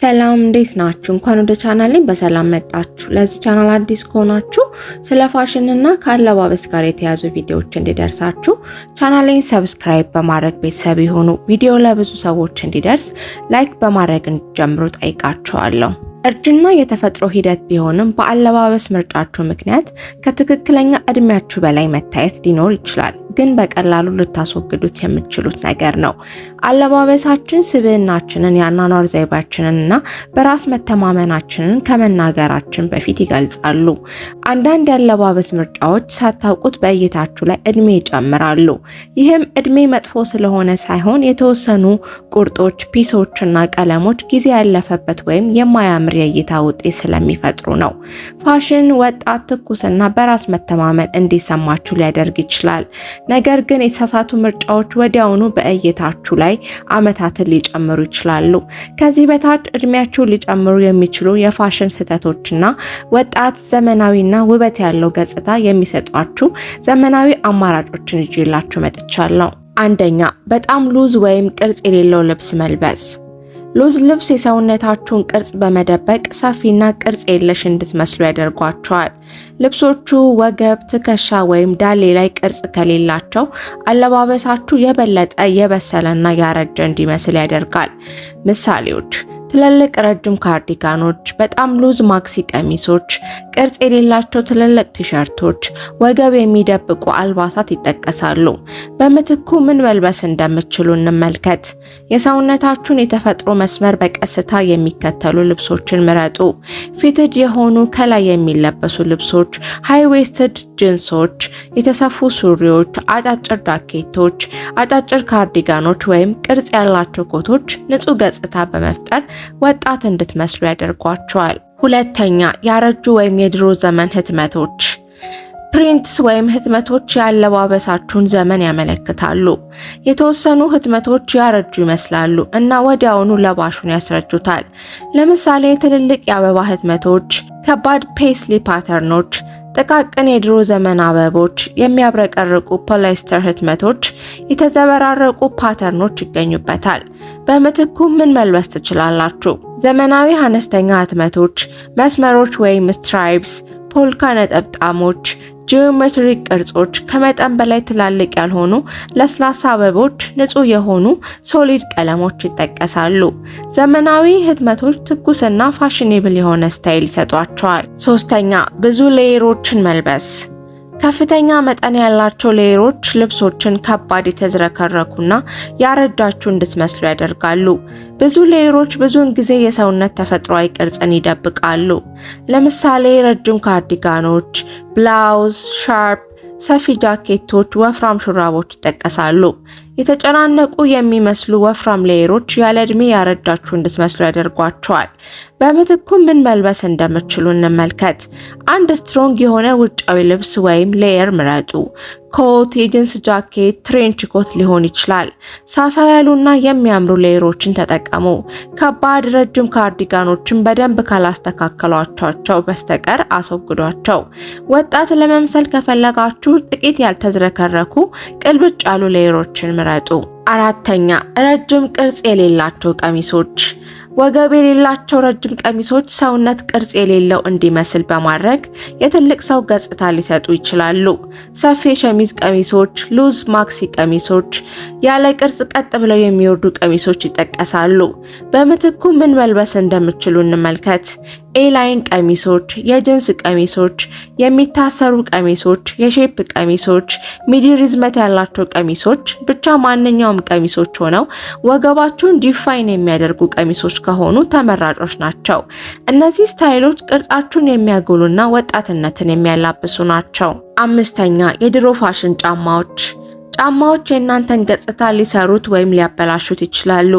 ሰላም እንዴት ናችሁ? እንኳን ወደ ቻናሌ በሰላም መጣችሁ። ለዚህ ቻናል አዲስ ከሆናችሁ ስለ ፋሽን እና ከአለባበስ ጋር የተያዙ ቪዲዮዎች እንዲደርሳችሁ ቻናሌን ሰብስክራይብ በማድረግ ቤተሰብ የሆኑ ቪዲዮ ለብዙ ሰዎች እንዲደርስ ላይክ በማድረግ እንጀምሩ ጠይቃችኋለሁ። እርጅና የተፈጥሮ ሂደት ቢሆንም በአለባበስ ምርጫችሁ ምክንያት ከትክክለኛ እድሜያችሁ በላይ መታየት ሊኖር ይችላል፣ ግን በቀላሉ ልታስወግዱት የምትችሉት ነገር ነው። አለባበሳችን ስብዕናችንን፣ የአኗኗር ዘይቤያችንን እና በራስ መተማመናችንን ከመናገራችን በፊት ይገልጻሉ። አንዳንድ የአለባበስ ምርጫዎች ሳታውቁት በእይታችሁ ላይ እድሜ ይጨምራሉ። ይህም እድሜ መጥፎ ስለሆነ ሳይሆን የተወሰኑ ቁርጦች፣ ፒሶች እና ቀለሞች ጊዜ ያለፈበት ወይም የማያምር የእይታ ውጤት ስለሚፈጥሩ ነው። ፋሽን ወጣት፣ ትኩስና በራስ መተማመን እንዲሰማችሁ ሊያደርግ ይችላል። ነገር ግን የተሳሳቱ ምርጫዎች ወዲያውኑ በእይታችሁ ላይ አመታትን ሊጨምሩ ይችላሉ። ከዚህ በታች እድሜያችሁን ሊጨምሩ የሚችሉ የፋሽን ስህተቶችና ወጣት ዘመናዊና ውበት ያለው ገጽታ የሚሰጧችሁ ዘመናዊ አማራጮችን ይዤላችሁ መጥቻለሁ። አንደኛ፣ በጣም ሉዝ ወይም ቅርጽ የሌለው ልብስ መልበስ ሉዝ ልብስ የሰውነታችሁን ቅርጽ በመደበቅ ሰፊና ቅርጽ የለሽ እንድትመስሉ ያደርጓቸዋል። ልብሶቹ ወገብ፣ ትከሻ ወይም ዳሌ ላይ ቅርጽ ከሌላቸው አለባበሳችሁ የበለጠ የበሰለና ያረጀ እንዲመስል ያደርጋል። ምሳሌዎች ትልልቅ ረጅም ካርዲጋኖች፣ በጣም ሉዝ ማክሲ ቀሚሶች፣ ቅርጽ የሌላቸው ትልልቅ ቲሸርቶች፣ ወገብ የሚደብቁ አልባሳት ይጠቀሳሉ። በምትኩ ምን መልበስ እንደምትችሉ እንመልከት። የሰውነታችሁን የተፈጥሮ መስመር በቀስታ የሚከተሉ ልብሶችን ምረጡ። ፊትድ የሆኑ ከላይ የሚለበሱ ልብሶች፣ ሃይ ዌስትድ ጅንሶች፣ የተሰፉ ሱሪዎች፣ አጫጭር ዳኬቶች፣ አጫጭር ካርዲጋኖች ወይም ቅርጽ ያላቸው ኮቶች ንጹህ ገጽታ በመፍጠር ወጣት እንድትመስሉ ያደርጓቸዋል። ሁለተኛ፣ ያረጁ ወይም የድሮ ዘመን ህትመቶች ፕሪንትስ ወይም ህትመቶች ያለባበሳችሁን ዘመን ያመለክታሉ። የተወሰኑ ህትመቶች ያረጁ ይመስላሉ እና ወዲያውኑ ለባሹን ያስረጁታል። ለምሳሌ ትልልቅ የአበባ ህትመቶች፣ ከባድ ፔስሊ ፓተርኖች፣ ጥቃቅን የድሮ ዘመን አበቦች፣ የሚያብረቀርቁ ፖሊስተር ህትመቶች፣ የተዘበራረቁ ፓተርኖች ይገኙበታል። በምትኩ ምን መልበስ ትችላላችሁ? ዘመናዊ አነስተኛ ህትመቶች፣ መስመሮች ወይም ስትራይፕስ፣ ፖልካ ነጠብጣሞች፣ ጂኦሜትሪክ ቅርጾች፣ ከመጠን በላይ ትላልቅ ያልሆኑ ለስላሳ አበቦች፣ ንጹህ የሆኑ ሶሊድ ቀለሞች ይጠቀሳሉ። ዘመናዊ ህትመቶች ትኩስና ፋሽኔብል የሆነ ስታይል ይሰጧቸዋል። ሶስተኛ ብዙ ሌየሮችን መልበስ ከፍተኛ መጠን ያላቸው ሌየሮች ልብሶችን ከባድ የተዝረከረኩና ያረጃችሁ እንድትመስሉ ያደርጋሉ። ብዙ ሌየሮች ብዙውን ጊዜ የሰውነት ተፈጥሯዊ ቅርጽን ይደብቃሉ። ለምሳሌ ረጅም ካርዲጋኖች፣ ብላውዝ፣ ሻርፕ፣ ሰፊ ጃኬቶች፣ ወፍራም ሹራቦች ይጠቀሳሉ። የተጨናነቁ የሚመስሉ ወፍራም ሌየሮች ያለ እድሜ ያረዳችሁ እንድትመስሉ ያደርጓቸዋል። በምትኩ ምን መልበስ እንደምችሉ እንመልከት። አንድ ስትሮንግ የሆነ ውጫዊ ልብስ ወይም ሌየር ምረጡ። ኮት፣ የጅንስ ጃኬት፣ ትሬንች ኮት ሊሆን ይችላል። ሳሳ ያሉና የሚያምሩ ሌየሮችን ተጠቀሙ። ከባድ ረጅም ካርዲጋኖችን በደንብ ካላስተካከሏቸው በስተቀር አስወግዷቸው። ወጣት ለመምሰል ከፈለጋችሁ ጥቂት ያልተዝረከረኩ ቅልብጭ ያሉ ሌየሮችን ምረጡ። ይመረጡ። አራተኛ ረጅም ቅርጽ የሌላቸው ቀሚሶች ወገብ የሌላቸው ረጅም ቀሚሶች ሰውነት ቅርጽ የሌለው እንዲመስል በማድረግ የትልቅ ሰው ገጽታ ሊሰጡ ይችላሉ። ሰፊ የሸሚዝ ቀሚሶች፣ ሉዝ ማክሲ ቀሚሶች፣ ያለ ቅርጽ ቀጥ ብለው የሚወርዱ ቀሚሶች ይጠቀሳሉ። በምትኩ ምን መልበስ እንደምችሉ እንመልከት። ኤላይን ቀሚሶች፣ የጅንስ ቀሚሶች፣ የሚታሰሩ ቀሚሶች፣ የሼፕ ቀሚሶች፣ ሚዲ ርዝመት ያላቸው ቀሚሶች፣ ብቻ ማንኛውም ቀሚሶች ሆነው ወገባችሁን ዲፋይን የሚያደርጉ ቀሚሶች ከሆኑ ተመራጮች ናቸው። እነዚህ ስታይሎች ቅርጻችሁን የሚያጎሉና ወጣትነትን የሚያላብሱ ናቸው። አምስተኛ የድሮ ፋሽን ጫማዎች ጫማዎች የእናንተን ገጽታ ሊሰሩት ወይም ሊያበላሹት ይችላሉ።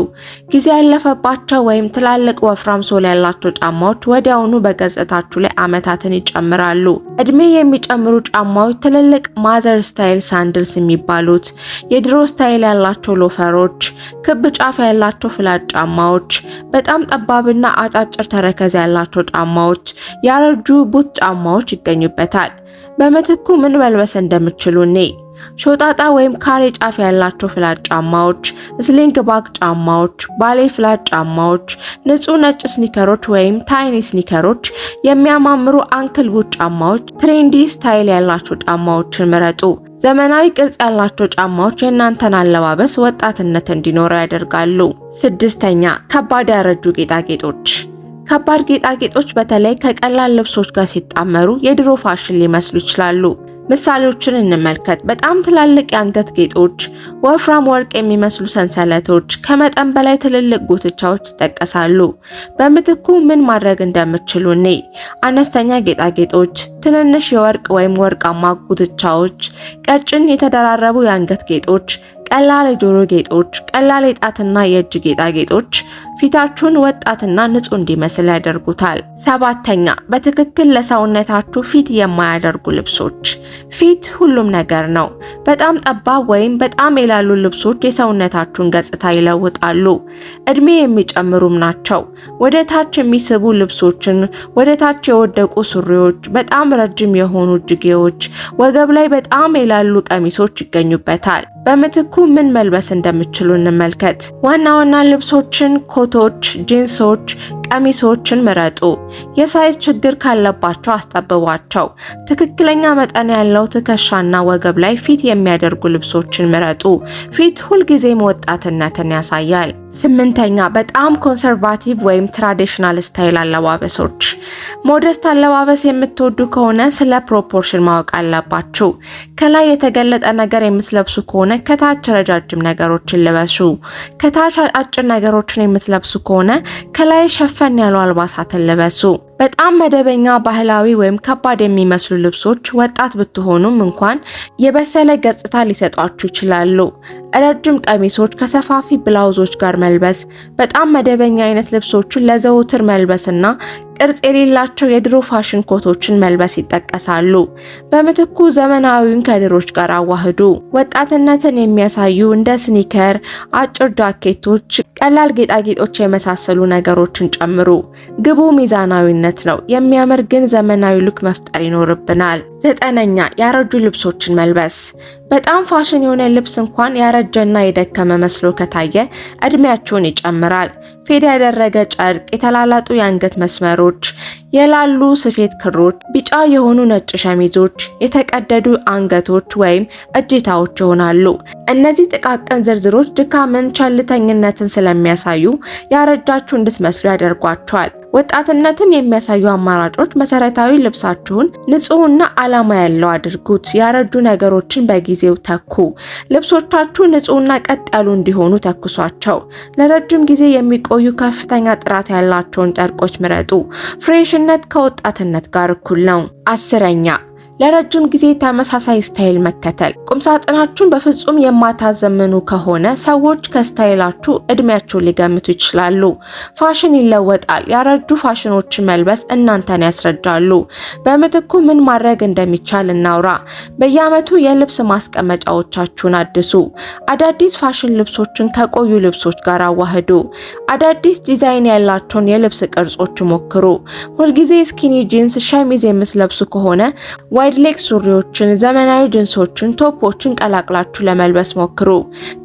ጊዜ ያለፈባቸው ወይም ትላልቅ ወፍራም ሶል ያላቸው ጫማዎች ወዲያውኑ በገጽታችሁ ላይ ዓመታትን ይጨምራሉ። እድሜ የሚጨምሩ ጫማዎች ትልልቅ ማዘር ስታይል ሳንድልስ የሚባሉት፣ የድሮ ስታይል ያላቸው ሎፈሮች፣ ክብ ጫፍ ያላቸው ፍላጭ ጫማዎች፣ በጣም ጠባብና አጫጭር ተረከዝ ያላቸው ጫማዎች፣ ያረጁ ቡት ጫማዎች ይገኙበታል። በምትኩ ምን መልበስ እንደምችሉ እኔ ሾጣጣ ወይም ካሬ ጫፍ ያላቸው ፍላጭ ጫማዎች፣ ስሊንግ ባክ ጫማዎች፣ ባሌ ፍላጭ ጫማዎች፣ ንጹህ ነጭ ስኒከሮች ወይም ታይኒ ስኒከሮች፣ የሚያማምሩ አንክል ቡት ጫማዎች፣ ትሬንዲ ስታይል ያላቸው ጫማዎችን ምረጡ። ዘመናዊ ቅርጽ ያላቸው ጫማዎች የእናንተን አለባበስ ወጣትነት እንዲኖረው ያደርጋሉ። ስድስተኛ ከባድ ያረጁ ጌጣጌጦች። ከባድ ጌጣጌጦች በተለይ ከቀላል ልብሶች ጋር ሲጣመሩ የድሮ ፋሽን ሊመስሉ ይችላሉ። ምሳሌዎችን እንመልከት። በጣም ትላልቅ የአንገት ጌጦች፣ ወፍራም ወርቅ የሚመስሉ ሰንሰለቶች፣ ከመጠን በላይ ትልልቅ ጉትቻዎች ይጠቀሳሉ። በምትኩ ምን ማድረግ እንደምትችሉ እኔ አነስተኛ ጌጣጌጦች፣ ትንንሽ የወርቅ ወይም ወርቃማ ጉትቻዎች፣ ቀጭን የተደራረቡ የአንገት ጌጦች ቀላል የጆሮ ጌጦች፣ ቀላል የጣትና የእጅ ጌጣጌጦች ፊታችሁን ወጣትና ንጹህ እንዲመስል ያደርጉታል። ሰባተኛ በትክክል ለሰውነታችሁ ፊት የማያደርጉ ልብሶች። ፊት ሁሉም ነገር ነው። በጣም ጠባብ ወይም በጣም የላሉ ልብሶች የሰውነታችሁን ገጽታ ይለውጣሉ። እድሜ የሚጨምሩም ናቸው። ወደ ታች የሚስቡ ልብሶችን፣ ወደ ታች የወደቁ ሱሪዎች፣ በጣም ረጅም የሆኑ እጅጌዎች፣ ወገብ ላይ በጣም የላሉ ቀሚሶች ይገኙበታል። በምትኩ ምን መልበስ እንደምችሉ እንመልከት። ዋና ዋና ልብሶችን፣ ኮቶች፣ ጂንሶች፣ ቀሚሶችን ምረጡ። የሳይዝ ችግር ካለባቸው አስጠብቧቸው። ትክክለኛ መጠን ያለው ትከሻና ወገብ ላይ ፊት የሚያደርጉ ልብሶችን ምረጡ። ፊት ሁልጊዜም ወጣትነትን ያሳያል። ስምንተኛ በጣም ኮንሰርቫቲቭ ወይም ትራዲሽናል ስታይል አለባበሶች። ሞደስት አለባበስ የምትወዱ ከሆነ ስለ ፕሮፖርሽን ማወቅ አለባችሁ። ከላይ የተገለጠ ነገር የምትለብሱ ከሆነ ከታች ረጃጅም ነገሮችን ልበሱ። ከታች አጭር ነገሮችን የምትለብሱ ከሆነ ከላይ ሸፈን ያሉ አልባሳትን ልበሱ። በጣም መደበኛ ባህላዊ ወይም ከባድ የሚመስሉ ልብሶች ወጣት ብትሆኑም እንኳን የበሰለ ገጽታ ሊሰጧችሁ ይችላሉ። ረጅም ቀሚሶች ከሰፋፊ ብላውዞች ጋር መልበስ በጣም መደበኛ አይነት ልብሶቹን ለዘውትር መልበስና ቅርጽ የሌላቸው የድሮ ፋሽን ኮቶችን መልበስ ይጠቀሳሉ። በምትኩ ዘመናዊውን ከድሮች ጋር አዋህዱ። ወጣትነትን የሚያሳዩ እንደ ስኒከር፣ አጭር ጃኬቶች፣ ቀላል ጌጣጌጦች የመሳሰሉ ነገሮችን ጨምሩ። ግቡ ሚዛናዊነት ነው። የሚያምር ግን ዘመናዊ ሉክ መፍጠር ይኖርብናል። ዘጠነኛ ያረጁ ልብሶችን መልበስ በጣም ፋሽን የሆነ ልብስ እንኳን ያረጀና የደከመ መስሎ ከታየ እድሜያችሁን ይጨምራል። ፌድ ያደረገ ጨርቅ፣ የተላላጡ የአንገት መስመሮች፣ የላሉ ስፌት ክሮች፣ ቢጫ የሆኑ ነጭ ሸሚዞች፣ የተቀደዱ አንገቶች ወይም እጅታዎች ይሆናሉ። እነዚህ ጥቃቅን ዝርዝሮች ድካምን፣ ቸልተኝነትን ስለሚያሳዩ ያረጃችሁ እንድትመስሉ ያደርጓቸዋል። ወጣትነትን የሚያሳዩ አማራጮች መሰረታዊ ልብሳችሁን ንጹህና ዓላማ ያለው አድርጉት። ያረጁ ነገሮችን በጊዜው ተኩ። ልብሶቻችሁ ንጹህና ቀጥ ያሉ እንዲሆኑ ተኩሷቸው። ለረጅም ጊዜ የሚቆዩ ከፍተኛ ጥራት ያላቸውን ጨርቆች ምረጡ። ፍሬሽነት ከወጣትነት ጋር እኩል ነው። አስረኛ ለረጅም ጊዜ ተመሳሳይ ስታይል መከተል። ቁምሳጥናችሁን በፍጹም የማታዘምኑ ከሆነ ሰዎች ከስታይላችሁ እድሜያችሁን ሊገምቱ ይችላሉ። ፋሽን ይለወጣል። ያረጁ ፋሽኖችን መልበስ እናንተን ያስረዳሉ። በምትኩ ምን ማድረግ እንደሚቻል እናውራ። በየዓመቱ የልብስ ማስቀመጫዎቻችሁን አድሱ። አዳዲስ ፋሽን ልብሶችን ከቆዩ ልብሶች ጋር አዋህዱ። አዳዲስ ዲዛይን ያላቸውን የልብስ ቅርጾች ሞክሩ። ሁልጊዜ ስኪኒ ጂንስ ሸሚዝ የምትለብሱ ከሆነ ወይ ዋይድ ሌግ ሱሪዎችን፣ ዘመናዊ ጅንሶችን፣ ቶፖችን ቀላቅላችሁ ለመልበስ ሞክሩ።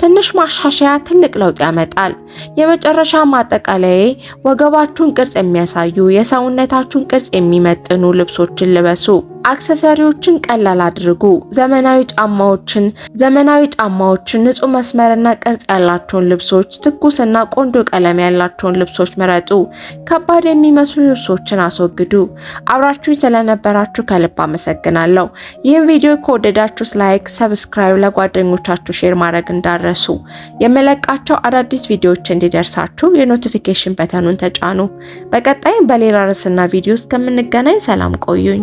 ትንሽ ማሻሻያ ትልቅ ለውጥ ያመጣል። የመጨረሻ ማጠቃለያ፣ ወገባችሁን ቅርጽ የሚያሳዩ የሰውነታችሁን ቅርጽ የሚመጥኑ ልብሶችን ልበሱ። አክሰሰሪዎችን ቀላል አድርጉ። ዘመናዊ ጫማዎችን ዘመናዊ ጫማዎችን፣ ንጹህ መስመርና ቅርጽ ያላቸውን ልብሶች፣ ትኩስና ቆንጆ ቀለም ያላቸውን ልብሶች ምረጡ። ከባድ የሚመስሉ ልብሶችን አስወግዱ። አብራችሁኝ ስለነበራችሁ ከልብ አመሰግናለሁ። ይህን ቪዲዮ ከወደዳችሁት ላይክ፣ ሰብስክራይብ፣ ለጓደኞቻችሁ ሼር ማድረግ እንዳረሱ። የመለቃቸው አዳዲስ ቪዲዮዎች እንዲደርሳችሁ የኖቲፊኬሽን በተኑን ተጫኑ። በቀጣይም በሌላ ርዕስና ቪዲዮ እስከምንገናኝ ሰላም ቆዩኝ።